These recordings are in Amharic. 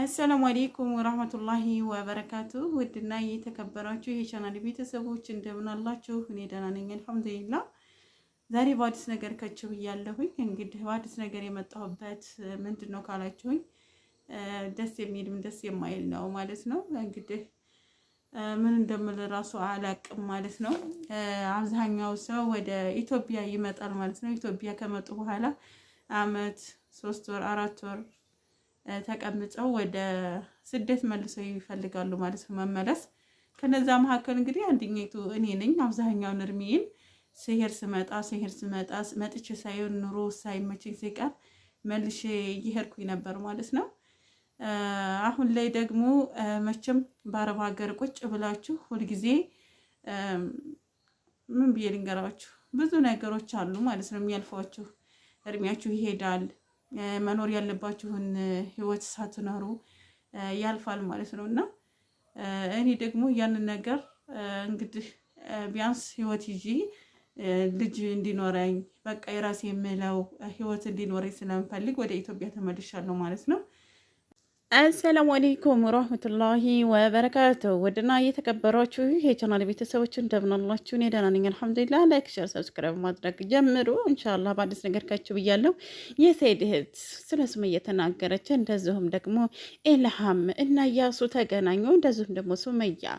አሰላሙ አሌይኩም ወረህመቱላሂ ወበረካቱ። ውድና የተከበራችሁ የቻናል ቤተሰቦች እንደምናላችሁ፣ እኔ ደህና ነኝ አልሐምዱሊላህ። ዛሬ በአዲስ ነገር ከች ብያለሁኝ። እንግዲህ በአዲስ ነገር የመጣሁበት ምንድን ነው ካላችሁኝ፣ ደስ የሚልም ደስ የማይል ነው ማለት ነው። እንግዲህ ምን እንደምል ራሱ አላቅም ማለት ነው። አብዛኛው ሰው ወደ ኢትዮጵያ ይመጣል ማለት ነው። ኢትዮጵያ ከመጡ በኋላ አመት ሶስት ወር አራት ወር ተቀምጠው ወደ ስደት መልሰው ይፈልጋሉ ማለት ነው መመለስ። ከነዛ መካከል እንግዲህ አንደኛይቱ እኔ ነኝ። አብዛኛውን እድሜዬን ስሄድ ስመጣ ስሄድ ስመጣ መጥቼ ሳይሆን ኑሮ ሳይመቸኝ ሲቀር መልሼ እየሄድኩኝ ነበር ማለት ነው። አሁን ላይ ደግሞ መቼም በአረብ ሀገር ቁጭ ብላችሁ ሁልጊዜ ምን ብዬ ልንገራችሁ፣ ብዙ ነገሮች አሉ ማለት ነው የሚያልፏችሁ። እድሜያችሁ ይሄዳል መኖር ያለባችሁን ህይወት ሳትኖሩ ያልፋል ማለት ነው እና እኔ ደግሞ ያንን ነገር እንግዲህ ቢያንስ ህይወት ይዤ ልጅ እንዲኖረኝ በቃ የራሴ የምለው ህይወት እንዲኖረኝ ስለምፈልግ ወደ ኢትዮጵያ ተመልሻለሁ ማለት ነው። አሰላሙ አሌይኩም ወራህመቱላሂ ወበረካቱ ውድና እየተከበሯችሁ የቻናል ቤተሰቦች እንደምናላችሁ፣ እኔ ደህና ነኝ አልሐምዱሊላህ። ላይክ፣ ሸር፣ ሰብስክራይብ ማድረግ ጀምሩ። እንሻላ በአዲስ ነገር ካችሁ ብያለሁ። የሰኢድ እህት ስለ ሱመያ እየተናገረች እንደዚሁም ደግሞ ኢልሃም እና እያሱ ተገናኙ። እንደዚሁም ደግሞ ሱመያ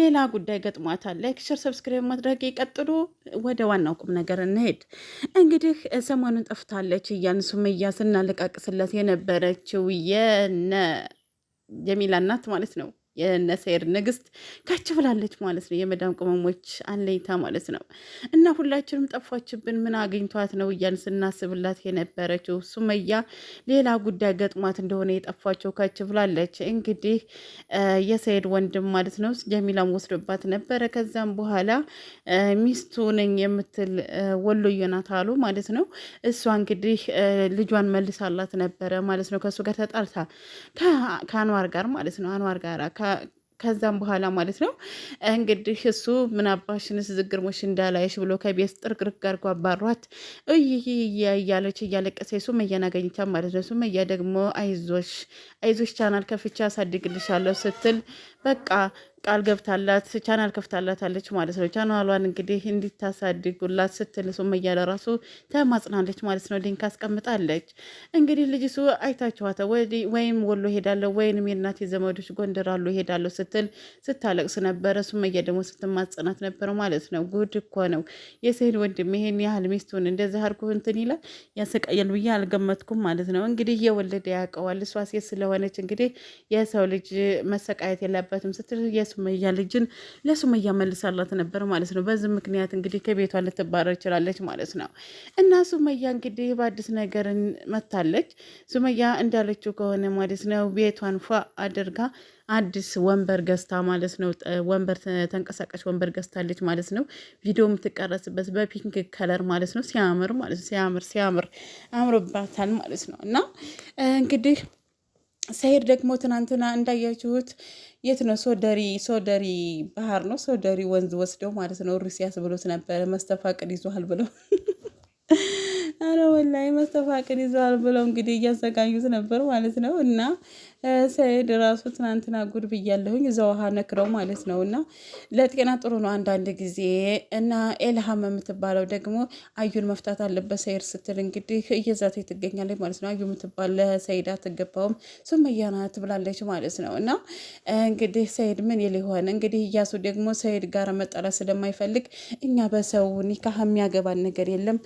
ሌላ ጉዳይ ገጥሟታል። ላይክ፣ ሸር፣ ሰብስክራይብ ማድረግ ይቀጥሉ። ወደ ዋናው ቁም ነገር እንሄድ። እንግዲህ ሰሞኑን ጠፍታለች እያን ሱመያ ስናለቃቅስላት የነበረችው የነ ጀሚላ እናት ማለት ነው የነ ንግስት ካች ብላለች ማለት ነው። የመዳም ቅመሞች አለኝታ ማለት ነው። እና ሁላችንም ጠፋችብን፣ ምን አግኝቷት ነው እያን ስናስብላት የነበረችው ሱመያ ሌላ ጉዳይ ገጥሟት እንደሆነ የጠፋቸው ካች ብላለች። እንግዲህ የሰይድ ወንድም ማለት ነው ጀሚላም ወስዶባት ነበረ። ከዛም በኋላ ሚስቱ ነኝ የምትል ወሎዬ ናት አሉ ማለት ነው። እሷ እንግዲህ ልጇን መልሳላት ነበረ ማለት ነው። ከእሱ ጋር ተጣልታ ከአንዋር ጋር ማለት ነው አንዋር ጋር ከዛም በኋላ ማለት ነው እንግዲህ እሱ ምን አባሽንስ ዝግርሞሽ እንዳላየሽ ብሎ ከቤት ጥርቅርቅ አድርጎ አባሯት እያለች እያለቀሰ ሱመያን አገኝቻ ማለት ነው። ሱመያ ደግሞ አይዞሽ አይዞሽ ቻናል ከፍቼ አሳድግልሻለሁ ስትል በቃ ቃል ገብታላት ቻናል ከፍታላታለች ማለት ነው። ቻናሏን እንግዲህ እንዲታሳድጉላት ስትል ሱመያ ለራሱ ተማጽናለች ማለት ነው። ሊንክ አስቀምጣለች። እንግዲህ ልጅሱ አይታችኋተ ወይም ወሎ ሄዳለሁ ወይንም የእናቴ ዘመዶች ጎንደር አሉ ሄዳለሁ ስትል ስታለቅስ ነበረ። ሱመያ ደግሞ ስትማጽናት ነበረ ማለት ነው። ጉድ እኮ ነው የሴን ወንድም ይሄን ያህል ሚስቱን እንደዚህ አድርጎ እንትን ይላል ያሰቃያል ብዬ አልገመትኩም ማለት ነው። እንግዲህ የወለደ ያውቀዋል። እሷ ሴት ስለሆነች እንግዲህ የሰው ልጅ መሰቃየት የለበትም ስትል ለሱመያ ልጅን ለሱመያ መልሳላት ነበር ማለት ነው። በዚህ ምክንያት እንግዲህ ከቤቷ ልትባረር ይችላለች ማለት ነው። እና ሱመያ እንግዲህ በአዲስ ነገር መታለች። ሱመያ እንዳለችው ከሆነ ማለት ነው ቤቷን ፏ አድርጋ አዲስ ወንበር ገዝታ ማለት ነው። ወንበር ተንቀሳቃሽ ወንበር ገዝታለች ማለት ነው። ቪዲዮ የምትቀረጽበት በፒንክ ከለር ማለት ነው። ሲያምር ማለት ነው። ሲያምር ሲያምር አምሮባታል ማለት ነው እና እንግዲህ ሰይድ ደግሞ ትናንትና እንዳያችሁት የት ነው ሶደሪ ሶደሪ ባህር ነው ሶደሪ ወንዝ ወስደው ማለት ነው ሩሲያስ ብሎት ነበረ። መስተፋቅድ ይዟል ብለው አረ ወላሂ መስተፋቅድ ይዟል ብለው እንግዲህ እያዘጋጁት ነበር ማለት ነው እና ሰይድ ራሱ ትናንትና ጉድ ብያለሁኝ እዛ ውሃ ነክረው ማለት ነው። እና ለጤና ጥሩ ነው አንዳንድ ጊዜ እና ኤልሃም የምትባለው ደግሞ አዩን መፍታት አለበት ሰይድ ስትል እንግዲህ እየዛተች ትገኛለች ማለት ነው። አዩ የምትባል ለሰይድ አትገባውም ሱመያ ናት ብላለች ማለት ነው። እና እንግዲህ ሰይድ ምን ይልሆን እንግዲህ እያሱ ደግሞ ሰይድ ጋር መጠራ ስለማይፈልግ እኛ በሰው ኒካህ የሚያገባን ነገር የለም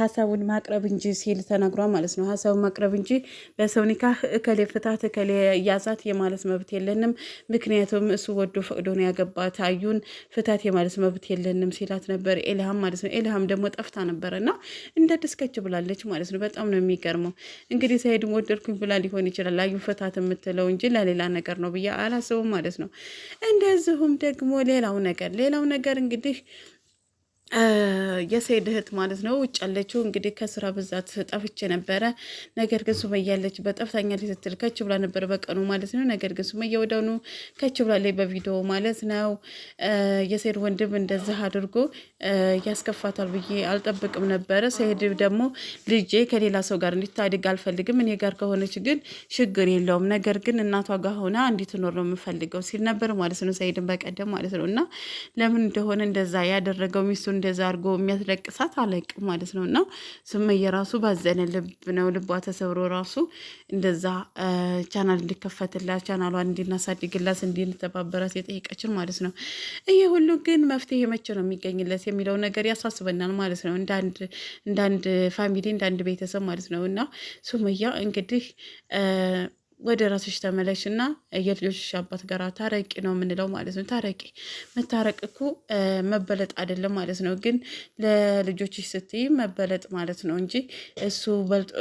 ሀሳቡን ማቅረብ እንጂ ሲል ተናግሯ ማለት ነው። ሀሳቡን ማቅረብ እንጂ በሰው ኒካህ እከሌ ፍታት እከሌ ያዛት የማለት መብት የለንም፣ ምክንያቱም እሱ ወዶ ፈቅዶን ያገባት አዩን ፍታት የማለት መብት የለንም ሲላት ነበር ኤልሃም ማለት ነው። ኤልሃም ደግሞ ጠፍታ ነበረ እና እንደ ድስከች ብላለች ማለት ነው። በጣም ነው የሚገርመው። እንግዲህ ሳይድም ወደድኩኝ ብላ ሊሆን ይችላል አዩ ፍታት የምትለው እንጂ ለሌላ ነገር ነው ብዬ አላስብም ማለት ነው። እንደዚሁም ደግሞ ሌላው ነገር ሌላው ነገር እንግዲህ የሰይድ እህት ማለት ነው ውጭ ያለችው እንግዲህ ከስራ ብዛት ጠፍቼ ነበረ። ነገር ግን ሱመያ ያለችበት በጠፍታኛ ስትል ከች ብላ ነበር በቀኑ ማለት ነው። ነገር ግን ሱመያ ወደኑ ከች ብላ ላይ በቪዲዮ ማለት ነው። የሴድ ወንድም እንደዚህ አድርጎ ያስከፋታል ብዬ አልጠብቅም ነበረ። ሰይድ ደግሞ ልጄ ከሌላ ሰው ጋር እንዲታድግ አልፈልግም፣ እኔ ጋር ከሆነች ግን ችግር የለውም፣ ነገር ግን እናቷ ጋር ሆና እንዲትኖር ነው የምፈልገው ሲል ነበር ማለት ነው። ሰይድን በቀደም ማለት ነው እና ለምን እንደሆነ እንደዛ ያደረገው ሚስቱን እንደዛ አድርጎ እንደሚያስለቅሳት አላውቅም ማለት ነው። እና ሱመያ ራሱ ባዘነ ልብ ነው ልቧ ተሰብሮ ራሱ እንደዛ ቻናል እንዲከፈትላ ቻናሏን እንዲናሳድግላት እንዲንተባበራት የጠየቀችን ማለት ነው። ይህ ሁሉ ግን መፍትሄ መቼ ነው የሚገኝለት የሚለው ነገር ያሳስበናል ማለት ነው። እንዳንድ ፋሚሊ እንዳንድ ቤተሰብ ማለት ነው። እና ሱመያ እንግዲህ ወደ ራስሽ ተመለሽ እና የልጆችሽ አባት ጋር ታረቂ ነው የምንለው ማለት ነው። ታረቂ መታረቅ እኮ መበለጥ አይደለም ማለት ነው። ግን ለልጆችሽ ስትይ መበለጥ ማለት ነው እንጂ እሱ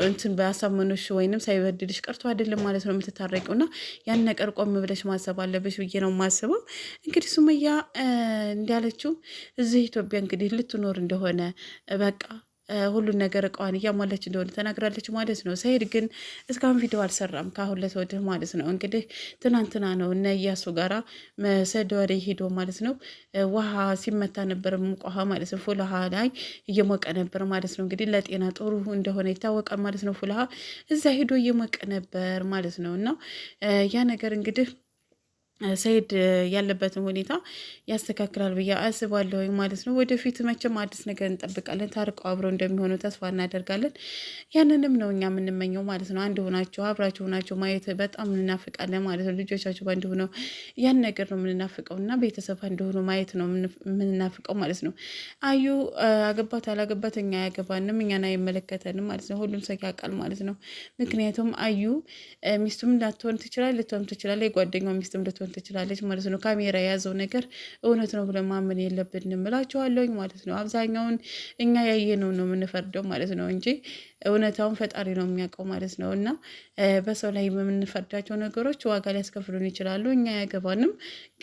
እንትን ባያሳመኑሽ ወይንም ሳይበድልሽ ቀርቶ አይደለም ማለት ነው የምትታረቂው። እና ያን ነገር ቆም ብለሽ ማሰብ አለብሽ ብዬ ነው የማስበው። እንግዲህ ሱመያ እንዳለችው እዚህ ኢትዮጵያ እንግዲህ ልትኖር እንደሆነ በቃ ሁሉን ነገር እቃዋን እያሟለች እንደሆነ ተናግራለች ማለት ነው። ሰኢድ ግን እስካሁን ቪዲዮ አልሰራም ከአሁን ዕለት ማለት ነው። እንግዲህ ትናንትና ነው እነ እያሱ ጋራ መሰድ ወደ ሄዶ ማለት ነው ውሃ ሲመታ ነበር፣ ሙቅ ማለት ነው። ፉልሃ ላይ እየሞቀ ነበር ማለት ነው። እንግዲህ ለጤና ጥሩ እንደሆነ ይታወቃል ማለት ነው። ፉልሃ እዛ ሄዶ እየሞቀ ነበር ማለት ነው እና ያ ነገር እንግዲህ ሰኢድ ያለበትን ሁኔታ ያስተካክላል ብዬ አስባለሁ ማለት ነው። ወደፊት መቼም አዲስ ነገር እንጠብቃለን። ታርቀው አብረው እንደሚሆኑ ተስፋ እናደርጋለን። ያንንም ነው እኛ የምንመኘው ማለት ነው። አንድ ሆናቸው አብራቸው ሆናቸው ማየት በጣም እንናፍቃለን ማለት ነው። ልጆቻቸው በአንድ ሆነው ያን ነገር ነው የምንናፍቀው እና ቤተሰብ አንድ ሆኖ ማየት ነው የምንናፍቀው ማለት ነው። አዩ አገባት አላገባት እኛ አያገባንም፣ እኛን አይመለከተንም ማለት ነው። ሁሉም ሰው ያውቃል ማለት ነው። ምክንያቱም አዩ ሚስቱም ላትሆን ትችላል፣ ልትሆን ትችላል፣ የጓደኛው ሚስትም ልትሆን ልትሆን ትችላለች ማለት ነው። ካሜራ የያዘው ነገር እውነት ነው ብለን ማመን የለብንም እላችኋለሁኝ ማለት ነው። አብዛኛውን እኛ ያየነው ነው የምንፈርደው ማለት ነው እንጂ እውነታውን ፈጣሪ ነው የሚያውቀው ማለት ነው። እና በሰው ላይ በምንፈርዳቸው ነገሮች ዋጋ ሊያስከፍሉን ይችላሉ። እኛ አያገባንም፣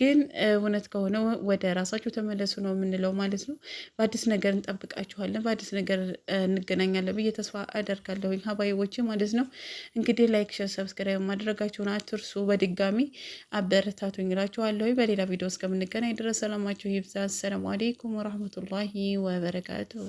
ግን እውነት ከሆነ ወደ ራሳችሁ ተመለሱ ነው የምንለው ማለት ነው። በአዲስ ነገር እንጠብቃችኋለን። በአዲስ ነገር እንገናኛለን ብዬ ተስፋ አደርጋለሁ ሀባይቦች ማለት ነው። እንግዲህ ላይክ፣ ሸር፣ ሰብስክራይብ ማድረጋችሁን አትርሱ። በድጋሚ አበረታቱ እንግላችኋለሁ። በሌላ ቪዲዮ እስከምንገናኝ ድረስ ሰላማችሁ ይብዛ። አሰላሙ አሌይኩም ወረህመቱላሂ ወበረካቱሁ።